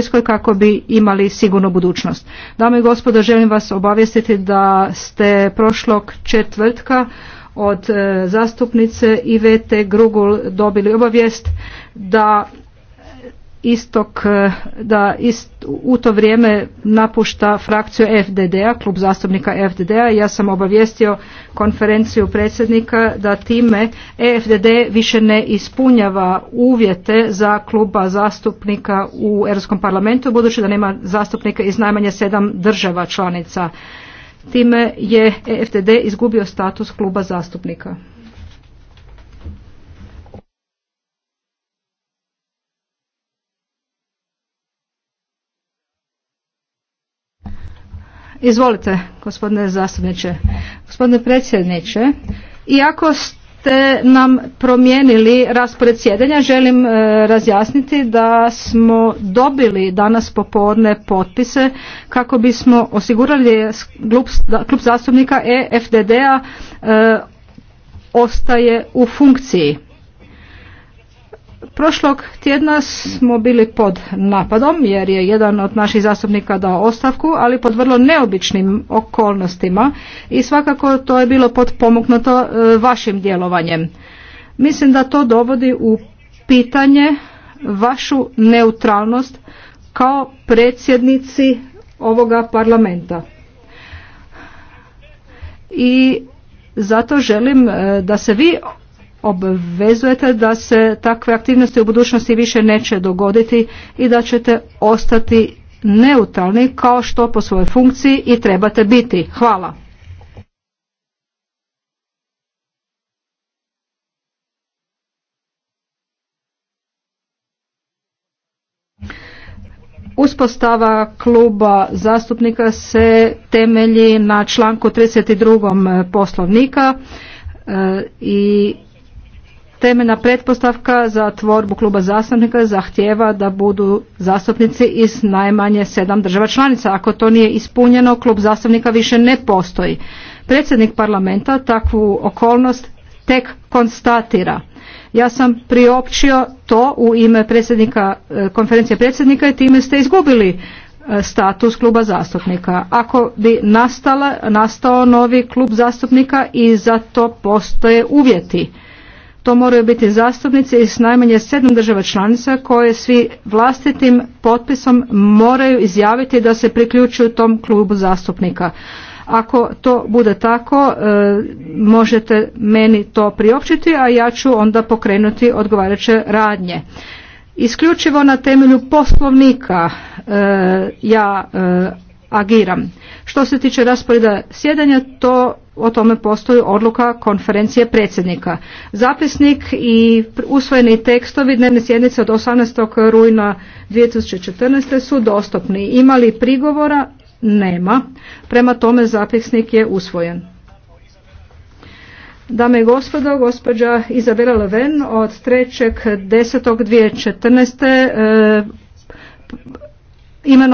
Iskoj kako bi imali sigurnu budućnost. Dame i gospodo, želim vas obavijestiti da ste prošlog četvrtka od e, zastupnice Ivete Grugul dobili obavijest da istok e, da ist, u to vrijeme napušta frakciju FDD-a, klub zastupnika FDD-a. Ja sam obavijestio konferenciju predsjednika da time EFDD više ne ispunjava uvjete za kluba zastupnika u Europskom parlamentu, budući da nema zastupnika iz najmanje sedam država članica. Time je EFDD izgubio status kluba zastupnika. Izvolite, gospodine zastupniče. Gospodine predsjedniče, iako ste nam promijenili raspored sjedenja, želim e, razjasniti da smo dobili danas popodne potpise kako bismo osigurali klub, klub zastupnika EFDD-a e, ostaje u funkciji. Prošlog tjedna smo bili pod napadom jer je jedan od naših zastupnika dao ostavku, ali pod vrlo neobičnim okolnostima i svakako to je bilo potpomognuto e, vašim djelovanjem. Mislim da to dovodi u pitanje vašu neutralnost kao predsjednici ovoga parlamenta. I zato želim e, da se vi obvezujete da se takve aktivnosti u budućnosti više neće dogoditi i da ćete ostati neutralni kao što po svojoj funkciji i trebate biti. Hvala. Uspostava kluba zastupnika se temelji na članku 32. poslovnika e, i Temena pretpostavka za tvorbu kluba zastupnika zahtjeva da budu zastupnici iz najmanje sedam država članica. Ako to nije ispunjeno, klub zastupnika više ne postoji. Predsjednik parlamenta takvu okolnost tek konstatira. Ja sam priopćio to u ime predsjednika, e, konferencije predsjednika i time ste izgubili e, status kluba zastupnika. Ako bi nastala, nastao novi klub zastupnika i za to postoje uvjeti. To moraju biti zastupnici iz najmanje sedam država članica koje svi vlastitim potpisom moraju izjaviti da se priključuju tom klubu zastupnika. Ako to bude tako, e, možete meni to priopćiti, a ja ću onda pokrenuti odgovarajuće radnje. Isključivo na temelju poslovnika e, ja e, agiram. Što se tiče rasporeda sjedanja, to o tome postoji odluka konferencije predsjednika. Zapisnik i usvojeni tekstovi dnevne sjednice od 18. rujna 2014. su dostupni. Ima li prigovora? Nema. Prema tome zapisnik je usvojen. Dame i gospodo, gospođa Izabela Leven od 3.10.2014. E, imeno